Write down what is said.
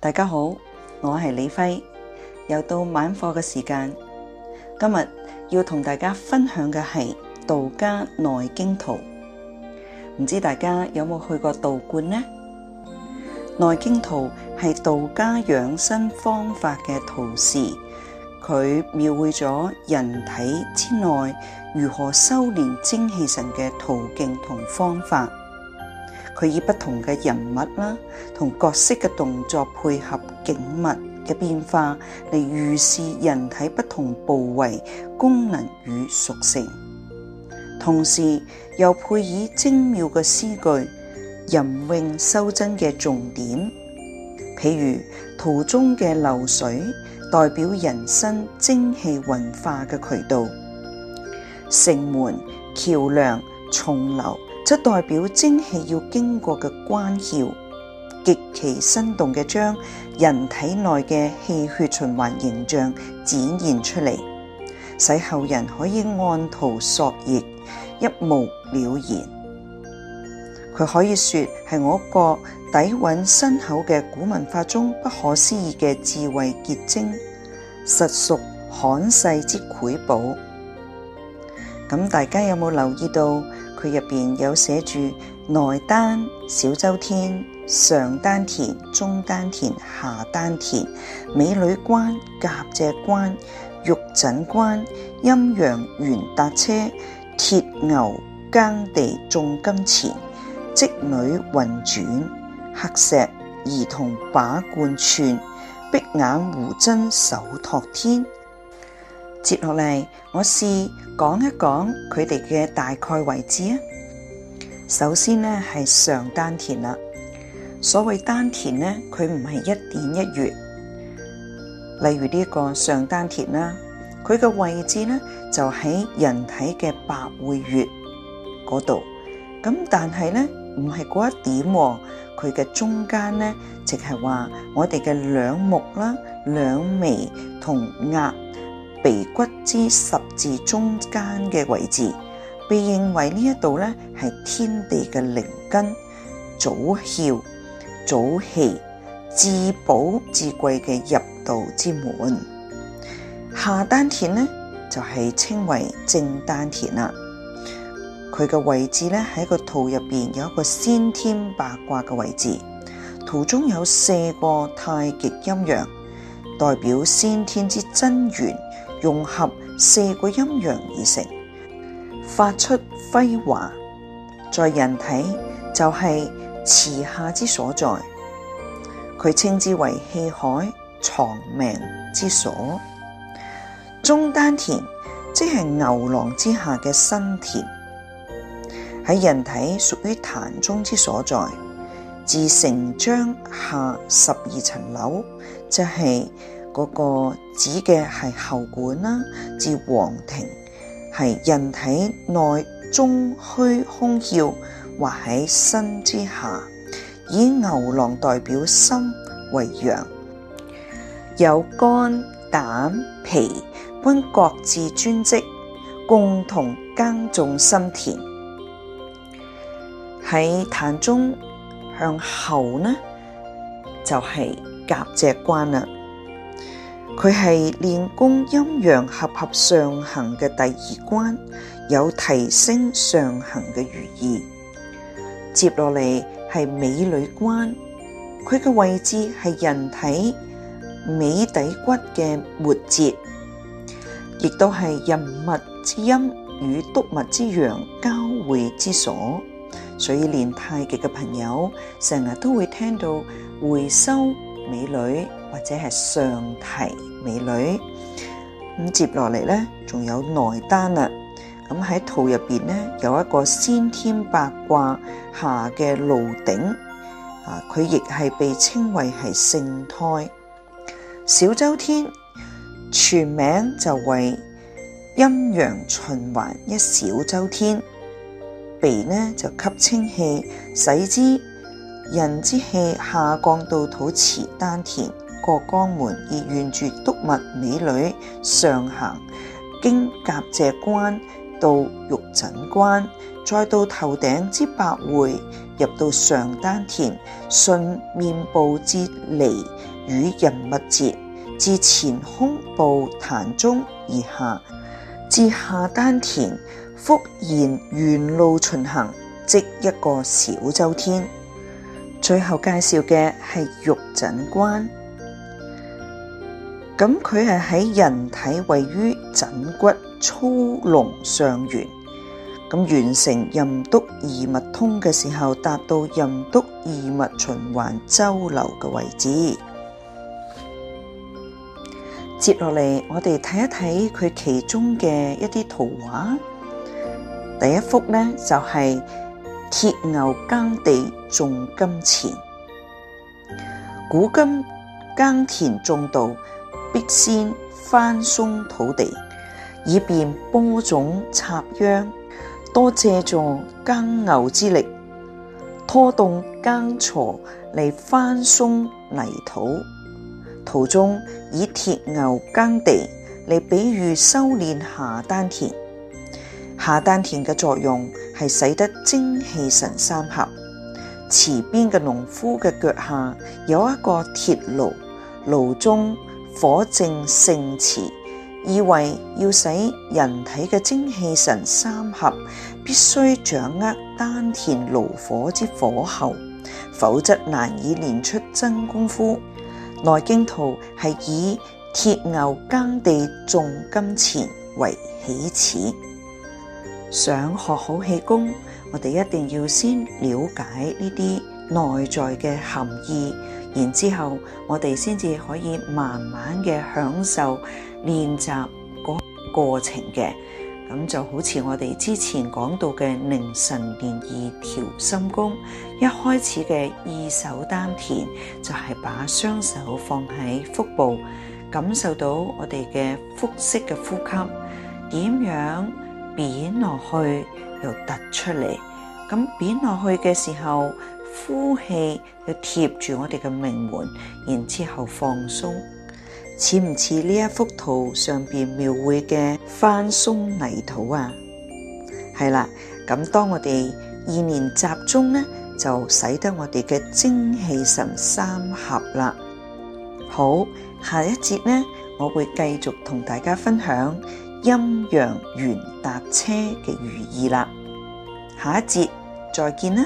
大家好，我係李輝，又到晚課嘅時間。今日要同大家分享嘅係道家內經圖。唔知大家有冇去過道觀呢？內經圖係道家養生方法嘅圖示，佢描繪咗人體之內如何修煉精氣神嘅途徑同方法。佢以不同嘅人物啦，同角色嘅動作配合景物嘅變化嚟預示人體不同部位功能與屬性，同時又配以精妙嘅詩句，吟詠修真嘅重點。譬如圖中嘅流水，代表人身精氣運化嘅渠道；城門、橋梁、重樓，則代表精氣要經過嘅關竅，極其生動嘅將人體內嘅氣血循環形象展現出嚟，使後人可以按圖索驥，一目了然。佢可以說係我國底蘊深厚嘅古文化中不可思議嘅智慧結晶，實屬罕世之瑰寶。咁大家有冇留意到？佢入邊有寫住內丹、小周天、上丹田、中丹田、下丹田、美女關、夾脊關、玉枕關、陰陽元搭車、鐵牛耕地種金錢、織女運轉、黑石兒童把貫串、碧眼狐針手托天。接落嚟，我試講一講佢哋嘅大概位置啊。首先咧係上丹田啦。所謂丹田咧，佢唔係一點一穴。例如呢個上丹田啦，佢嘅位置咧就喺人體嘅百會穴嗰度。咁但係咧唔係嗰一點喎，佢嘅中間咧即係話我哋嘅兩目啦，兩眉同額鼻骨之十字中間嘅位置，被認為呢一度呢係天地嘅靈根、祖竅、祖氣、至寶、至貴嘅入道之門。下丹田呢就係、是、稱為正丹田啦。佢嘅位置呢，喺個圖入邊有一個先天八卦嘅位置，圖中有四個太極陰陽，代表先天之真元。融合四個陰陽而成，發出輝華，在人體就係、是、臍下之所在，佢稱之為氣海藏命之所。中丹田即係牛郎之下嘅新田，喺人體屬於膻中之所在，自成張下十二層樓，即係。嗰個指嘅係喉管啦，至黃庭係人體內中虛空竅，或喺身之下，以牛郎代表心為陽，有肝膽脾均各自專職，共同耕種心田。喺壇中向後呢，就係、是、夾脊關啦。佢係練功陰陽合合上行嘅第二關，有提升上行嘅寓意。接落嚟係尾閭關，佢嘅位置係人體尾底骨嘅末節，亦都係任脈之陰與督脈之陽交匯之所，所以練太極嘅朋友成日都會聽到回收尾閭。或者係上提美女，咁接落嚟咧，仲有內丹啦。咁喺圖入邊咧，有一個先天八卦下嘅爐頂，啊，佢亦係被稱為係聖胎小周天，全名就為陰陽循環一小周天，鼻呢就吸清氣，使之人之氣下降到肚臍丹田。過江門而沿住督脈美女上行，經夾脊關到玉枕關，再到頭頂之百會，入到上丹田，順面部之離與任脈接，至前胸部膻中而下，至下丹田，復沿原路巡行，即一個小周天。最後介紹嘅係玉枕關。咁佢係喺人體位於枕骨粗隆上緣，咁完成任督二脈通嘅時候，達到任督二脈循環周流嘅位置。接落嚟，我哋睇一睇佢其中嘅一啲圖畫。第一幅呢，就係、是、鐵牛耕地種金錢，古今耕田種稻。必先翻鬆土地，以便播種插秧。多借助耕牛之力，拖動耕鋤嚟翻鬆泥土。圖中以鐵牛耕地嚟比喻修煉下丹田。下丹田嘅作用係使得精氣神三合。池邊嘅農夫嘅腳下有一個鐵爐，爐中。火正盛熾，意為要使人體嘅精氣神三合，必須掌握丹田爐火之火候，否則難以練出真功夫。內經圖係以鐵牛耕地種金錢為起始，想學好氣功，我哋一定要先了解呢啲內在嘅含義。然之後，我哋先至可以慢慢嘅享受練習嘅過程嘅，咁就好似我哋之前講到嘅凌晨練二調心功，一開始嘅二手丹田就係把雙手放喺腹部，感受到我哋嘅腹式嘅呼吸點樣扁落去又突出嚟，咁扁落去嘅時候。呼氣要貼住我哋嘅命門，然之後放鬆，似唔似呢一幅圖上邊描繪嘅翻鬆泥土啊？係啦，咁當我哋意念集中呢，就使得我哋嘅精氣神三合啦。好，下一節呢，我會繼續同大家分享陰陽圓搭車嘅寓意啦。下一節再見啦。